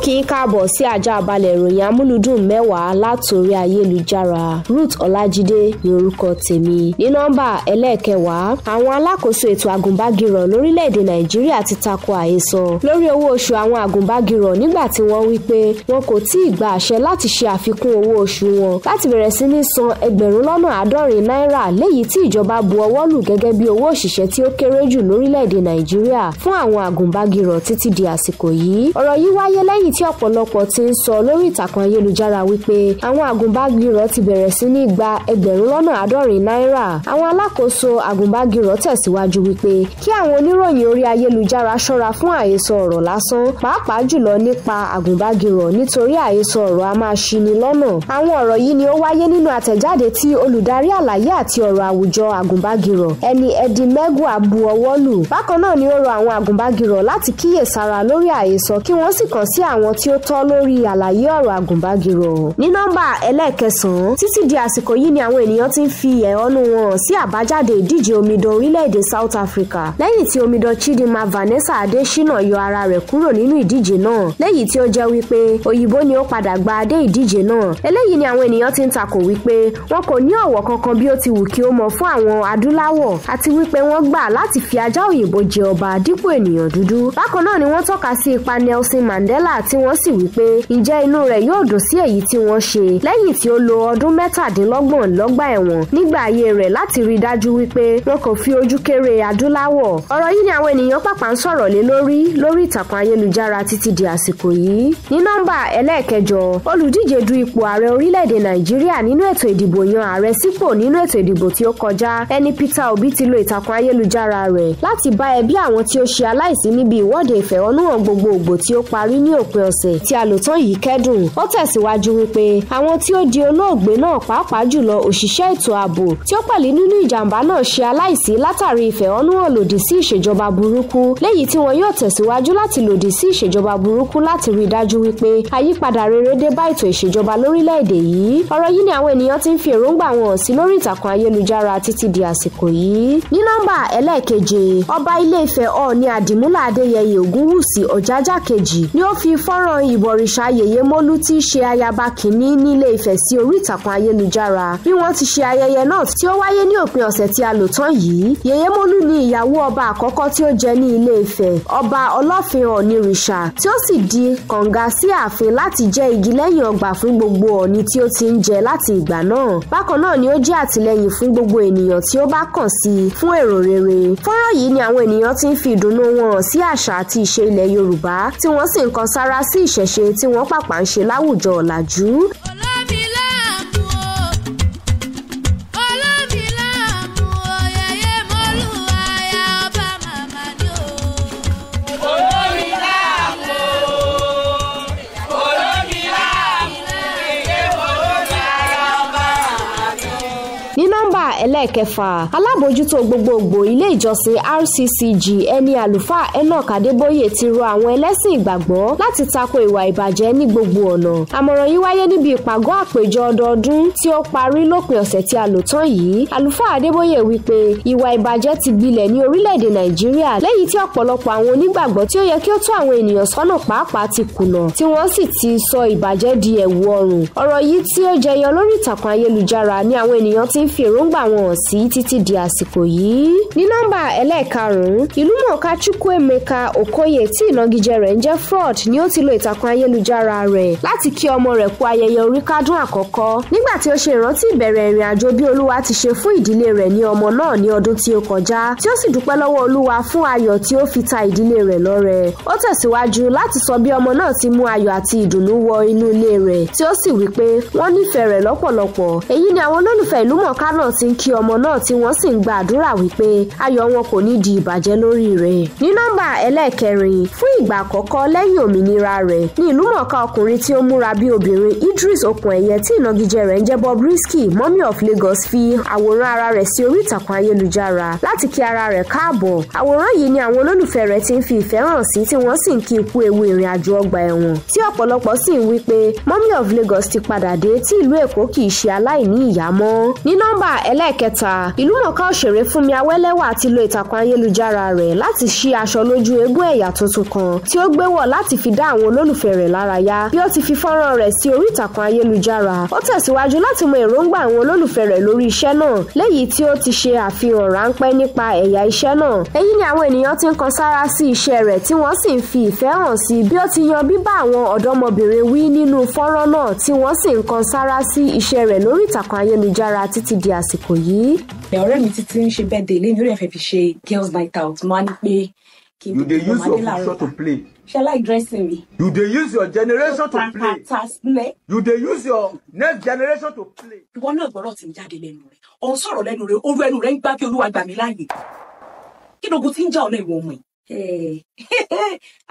kí n káàbọ̀ sí ajá balẹ̀ ìròyìn amúlùdùn mẹ́wàá látòrí ayélujára Ruth Ọlájídé ní orúkọ tèmi ní nọ́mbà ẹlẹ́ẹ̀kẹwàá àwọn alákòóso ètò àgùnbágirọ̀ lórílẹ̀‐èdè Nàìjíríà ti tako àhesọ lórí owó oṣù àwọn àgùnbágirọ̀ nígbà tí wọ́n wí pé wọn kò tí ì gba àṣẹ láti ṣe àfikún owó oṣù wọn láti bẹ̀rẹ̀ sí ní san ẹgbẹ̀rún lọ́nà àádọ́rin náírà léyìí tí ìjọba bu ọwọ́ lù gẹ́gẹ́ bí owó òṣìṣẹ́ tí ó kéré jù lórílẹ̀‐èdè Nàìjíríà fún àwọn àgùnbágirọ̀ títí di àsìkò yìí ọ̀rọ̀ yìí wáyé lẹ́yìn lẹ́yìn tí ọ̀pọ̀lọpọ̀ ti ń sọ lórí ìtàkùn ayélujára wípé àwọn àgùnbágbirọ̀ ti bẹ̀rẹ̀ sí ní gba ẹgbẹ̀rún lọ́nà àádọ́rin náírà àwọn alákòóso àgùnbágbirọ̀ tẹ̀síwájú wípé kí àwọn oníròyìn orí ayélujára ṣọ́ra fún àhesọ ọ̀rọ̀ lásán pàápàá jùlọ nípa àgùnbágbirọ̀ nítorí àhesọ ọ̀rọ̀ a máa ṣini lọ́nà àwọn ọ̀rọ̀ yìí ni ó wáyé nínú àtẹ̀jáde tí olùdarí àlàyé àti ọ̀rọ̀ àwùjọ àgùnbágirọ̀ ẹni ẹdi mẹ́gùn abu ọwọ́lù bákan náà ni ó rọ àwọn àgùnbágirọ̀ láti kíyèsára lórí àhesọ kí wọ́n sì kàn sí àwọn àwọn tí ó tọ́ lórí àlàyé ọ̀rọ̀ àgùnbánirọ̀ ní nọ́mbà ẹlẹ́ẹ̀kẹsàn-án títí di àsìkò yìí ni àwọn ènìyàn ti ń fi ẹ̀hónú wọn sí àbájáde ìdíje omidan orílẹ̀-èdè South Africa lẹ́yìn tí omidan Chidinma Vanessa Adesina yọ ara rẹ̀ kúrò nínú ìdíje náà lẹ́yìn tí ó jẹ́ wípé òyìnbó ni ó padà gba adé ìdíje náà eléyìí ni àwọn ènìyàn ti ń takò wípé wọn kò ní ọ̀wọ̀ kankan bí ó ti wù kí ó mọ fún àwọn adúláwọ̀ àti wípé wọ́n gbà láti fi ajá òyìnbó jẹ ọba dípò ènìyàn dúdú bákan náà ni wọ́n tọ́ka sí ipa Nelson Mandela tí wọ́n sì wí pé ǹjẹ́ inú rẹ̀ yóò dùn sí èyí tí wọ́n ṣe lẹ́yìn tí ó lo ọdún mẹ́tàdínlọ́gbọ̀n lọ́gbà ẹ̀wọ̀n nígbà ayé rẹ̀ láti rí dájú wípé wọn kò fi ojú kéré adúláwọ̀ ọ̀rọ̀ yìí ni àwọn ènìyàn pàpà ń sọ̀rọ̀ lé lórí lórí ìtàkùn ayélujára títí di àsìkò yìí ní nọ́mbà ẹlẹ́ẹ̀kẹjọ olùdíje du ipò ààrẹ orílẹ̀-èdè nàìjíríà nínú ètò ìdìbò yan ààrẹ sípò nínú ètò ìdìbò tí ó kọjá ẹni Peter Obi ti lo ìtàkùn ayélujára rẹ̀ láti bá ẹbí àwọn tí ó ṣe aláìsí níbi ìwọ́de ìfẹ̀hónúhàn gbogbogbò tí ó parí ní òpin òpin ọ̀sẹ̀ tí a lò tán yìí kẹ́dùn ó tẹ̀síwájú wípé àwọn tí ó di olóògbé náà pàápàá jùlọ òṣìṣẹ́ ètò ààbò tí ó pẹ̀lú nínú ìjàmbá náà ṣe aláìsí látàrí ìfẹ̀hónúhàn lòdì sí ìṣèjọba burúkú léyìí tí wọn yóò tẹ̀síwájú láti lòdì sí ìṣèjọba burúkú láti rí i dájú wípé àyípadà rere dé bá ètò ìṣèjọba lórílẹ̀ ni àwọn ènìyàn ti ń fi èròǹgbà ọ̀jájá kejì ni ó fi fọ́nrán ìbọ̀rìṣà yèyémólú tí í ṣe ayaba kìíní nílé Ifẹ̀ sí orí ìtàkùn ayélujára bí wọ́n ti ṣe ayẹyẹ náà tí ó wáyé ní òpin ọ̀sẹ̀ tí a lò tán yìí yèyémólú ni ìyàwó ọba àkọ́kọ́ tí ó jẹ ní ilé Ifẹ̀ ọba ọlọ́fin ọ̀nìrìṣà tí ó sì di kànga sí ààfin láti jẹ́ igi lẹ́yìn ọgbà fún gbogbo ọ̀ọ̀ni tí ó ti ń jẹ láti ìgbà náà bákan náà ni ó jẹ́ àtìlẹ́yìn fún gbogbo ènìyàn tí ó bá kàn sí i fún èrò rere ti ń fi ìdùnnú wọn hàn sí ìṣẹ̀ṣe tí wọ́n pàpà ń ṣe láwùjọ ọ̀làjú. ẹlẹ́ẹ̀kẹfà alábòójútó gbogbogbò ilé ìjọsìn RCCG ẹni àlùfáà Enoch Adébóyè ti rọ àwọn ẹlẹ́sìn ìgbàgbọ́ láti tako ìwà ìbàjẹ́ ní gbogbo ọ̀nà àmọ̀ràn yìí wáyé níbi ìpàgọ́ àpèjọ ọdọọdún tí ó parí lópin ọ̀sẹ̀ tí a lò tán yìí àlùfáà Adébóyè wípé ìwà ìbàjẹ́ ti gbilẹ̀ ní orílẹ̀-èdè Nàìjíríà lẹ́yìn tí ọ̀pọ̀lọpọ̀ àwọn onígbàgbọ́ tí ó yẹ kí ó tó àwọn ènìyàn sọ́nà pàápàá ti kùnà tí wọ́n sì ti sọ ìbàjẹ́ di ẹ̀wù ọrùn ọ̀rọ̀ yìí tí ó jẹyọ lórí ìtàkùn ayélujára ni àwọn ènìyàn ti ń fi èròǹgbà wọn mọ̀ sí títí di àsìkò yìí. ní nọ́mbà ẹlẹ́ẹ̀karùn-ún ìlúmọ̀ọ́ká Chukwuemeka Okoye tí ìnagijẹ rẹ̀ ń jẹ́ Fraud ni ó ti lo ìtàkùn ayélujára rẹ̀ láti kí ọmọ rẹ̀ kú ayẹyẹ orí kádùn àkọ́kọ́ nígbà tí ó ṣe ìrántí ìbẹ̀rẹ̀ ìrìn àjò bí Olúwa ti ṣe fún ìdílé rẹ̀ ní ọmọ náà ní ọdún tí ó kọjá tí ó sì dúpẹ́ lọ́wọ́ Olúwa fún ayọ̀ tí ó fi ta ìdílé rẹ̀ lọ́rẹ ó tẹ̀síwájú láti sọ bí ọmọ náà ti mú ayọ̀ àti ìdùnnú wọ inú ilé rẹ̀ tí ó sì wí pé wọ́n nífẹ̀ẹ́ rẹ̀ lọ́pọ̀lọpọ̀ èyí ni àwọn olólùfẹ́ ìlúmọ̀ọ́ká náà ti ń kí ọmọ náà tí wọ́n sì ń gba àdúrà wípé ayọ̀ wọn kò ní di ìbàjẹ́ lórí rẹ̀. ní nọ́mbà ẹlẹ́ẹ̀kẹrin fún ìgbà àkọ́kọ́ lẹ́yìn òmìnira rẹ̀ ni ìlúmọ̀ọ́ká ọkùnrin tí ó múra bí obìnrin Idris Okuneye tí ìnagijẹ rẹ̀ ń jẹ́ Bobrisky mummy of Lagos fi àwòrán ara rẹ̀ sí orí ìtàkùn ayélujára láti kí ara rẹ̀ káàbọ̀ àwòrán yìí ni àwọn olólùfẹ́ rẹ̀ ti ń fi ìfẹ́ hàn sí tí wọ́n sì ń kí ikú ewu ìrìn àjò ọgbà ẹ̀wọ̀n tí ọ̀pọ̀lọpọ̀ sì ń wí pé mummy of Lagos ti padà dé tí ìlú Èkó kì í ṣe aláìní ìjẹta ìlúmọ̀ọ́ká òṣèré Fúnmi Awẹ́lẹ́wà ti lo ìtàkùn ayélujára rẹ̀ láti ṣí aṣọ lójú eégún ẹ̀yà tuntun kan tí ó gbé wọ̀ láti fi dá àwọn olólùfẹ́ rẹ̀ lárayá bí ó ti fi fọ́nrán rẹ̀ sí orí ìtàkùn ayélujára ó tẹ̀síwájú láti mọ èròǹgbà àwọn olólùfẹ́ rẹ̀ lórí iṣẹ́ náà léyìí tí ó ti ṣe àfihàn ráńpẹ́ nípa ẹ̀yà iṣẹ́ náà èyí ni àwọn ènìyàn ti ń kan sára sí iṣẹ́ rẹ̀ tí wọ́n sì ń fi ìfẹ́ hàn sí bí ó ti yan bíbá àwọn ọ̀dọ́mọbìnrin wí nínú fọ́nrán náà tí wọ́n sì ń kan sára sí iṣẹ́ rẹ̀ lórí ìtàkùn ayélujára títí di àsìkò yìí ọ̀rẹ́ mi títí ń ṣe bẹ́ẹ̀ délé ní orí ẹ̀fẹ̀ fi ṣe girls night out máa ní pé kí n bí ọmọ adé làárọ̀ ta ṣe like dressing me. you dey use your generation to play. pàtàkì. you dey use your next generation to play. ìwọ náà gbọ́dọ̀ tí ń jáde lẹ́nu rẹ̀ ọ̀ sọ̀rọ̀ lẹ́nu rẹ̀ orú ẹnu rẹ̀ ń gbá kí olúwa gbà mí láàyè kí lóògùn tí ń já ọ̀nà ìwọ̀n mọ̀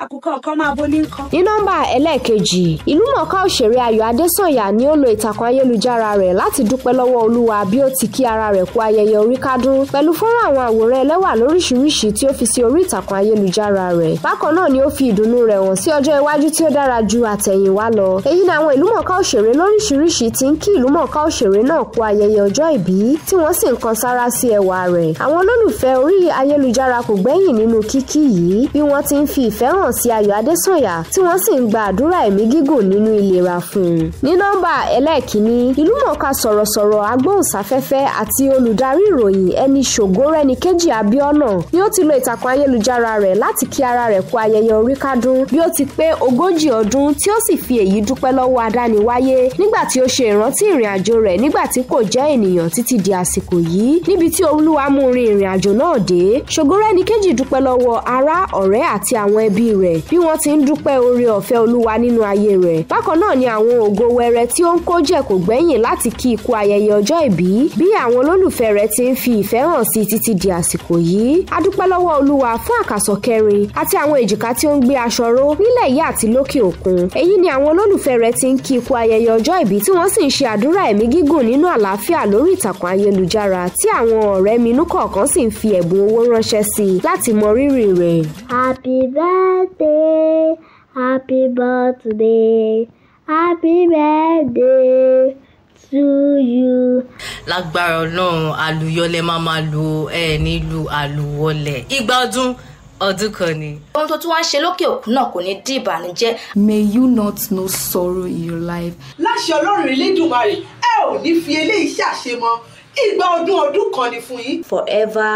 àkùkọ ọkọ máa bo ní nǹkan. ní nọ́mbà ẹlẹ́ẹ̀kejì ìlúmọ̀ọ́ká òṣèré Ayọ̀ Adésànyà ni ó lo ìtàkùn ayélujára rẹ̀ láti dúpẹ́ lọ́wọ́ Olúwa bí ó ti kí ara rẹ̀ kú ayẹyẹ oríkádún pẹ̀lú fọ́nrán àwọn àwòrán ẹlẹ́wà lóríṣiríṣi tí ó fi sí orí ìtàkùn ayélujára rẹ̀ bákan náà ni ó fi ìdùnnú rẹ̀ hàn sí ọjọ́ iwájú tí ó dára ju àtẹ̀yìnwá lọ èyí ni àwọn ìlúmọ̀ọ́ká yìí bí wọ́n ti ń fi ìfẹ́ hàn sí Ayọ̀ Adésànyà tí wọ́n sì ń gba àdúrà ẹ̀mí gígùn nínú ìlera fún un. ní nọ́mbà ẹlẹ́ẹ̀kínní ìlúmọ̀ọ́ká sọ̀rọ̀sọ̀rọ̀ agbóhùnsáfẹ́fẹ́ àti olùdarí ìròyìn ẹni Ṣògórẹ́níkejì Abíọ́nà ni ó ti lo ìtàkùn ayélujára rẹ̀ láti kí ara rẹ̀ kú ayẹyẹ oríkádún bí ó ti pé ogójì ọdún tí ó sì fi èyí dúpẹ́ lọ́wọ́ adániwáyé nígbà tí ó ṣe ìrántí ìrìn àjò rẹ̀ nígbà tí kò jẹ́ ènìyàn títí di àsìkò yìí níbi tí olúwa mú rin ìrìn àjò náà dé Ṣògórẹ́níkejì dúpẹ́ lọ́wọ́ ará ọ̀rẹ́ àti àwọn ẹbí rẹ̀ bí wọ́n ti ń dúpẹ́ oore ọ̀fẹ́ olúwa nínú ayé rẹ̀ bákan náà ni àwọn ògo wẹrẹ tí ó ń kó jẹ kò gbẹ́yìn láti kí ikú ayẹyẹ ọjọ́ ìbí bí àwọn olólùfẹ́ rẹ̀ ti ń fi ìfẹ́ hàn sí títí di àsìkò yìí a dúpẹ́ lọ́wọ́ olúwa fún àkàsọ̀ kẹrin àti àwọn èjìká tí ó ń gbé aṣọ ró nílẹ̀ yìí àti lókè òkun èyí ni àwọn olólùfẹ́ rẹ̀ ti ń kí ikú ayẹyẹ ọjọ́ ìbí tí wọ́n sì ń ṣe àdúrà ẹ̀mí gígùn nínú àlàáfíà lórí ìtàkùn ayélujára tí àwọn ọ̀rẹ́ minú kọ̀ọ̀kan sì ń fi ẹ̀bùn owó ránṣẹ́ sí i láti mọ rírì rẹ̀. happy birthday happy birthday happy birthday to you. lágbára ọlọ́run àlùyọlẹ̀ máa máa lu ẹ nílùú àlùwọlẹ̀ ìgbà ọdún ọdún kan ni. ohun tó tún wá ń ṣe lókè òkun náà kò ní dín ìbànújẹ́. may you not know sorrow in your life. láṣẹ ọlọ́run elédùnmarè ẹ ò ní fi eléyìí ṣàṣemọ ìgbà ọdún ọdún kan ni fún yín. forever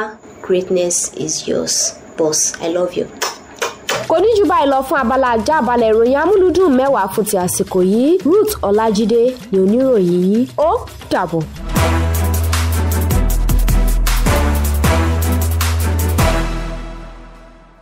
greatness is yours boss i love you. kò ní jù báyìí lọ fún abala ajá balẹ̀ ìròyìn amúlùdùn mẹ́wàá fún ti àsìkò yìí Ruth Ọlájídé ni oníròyìn yìí ó dàbọ̀.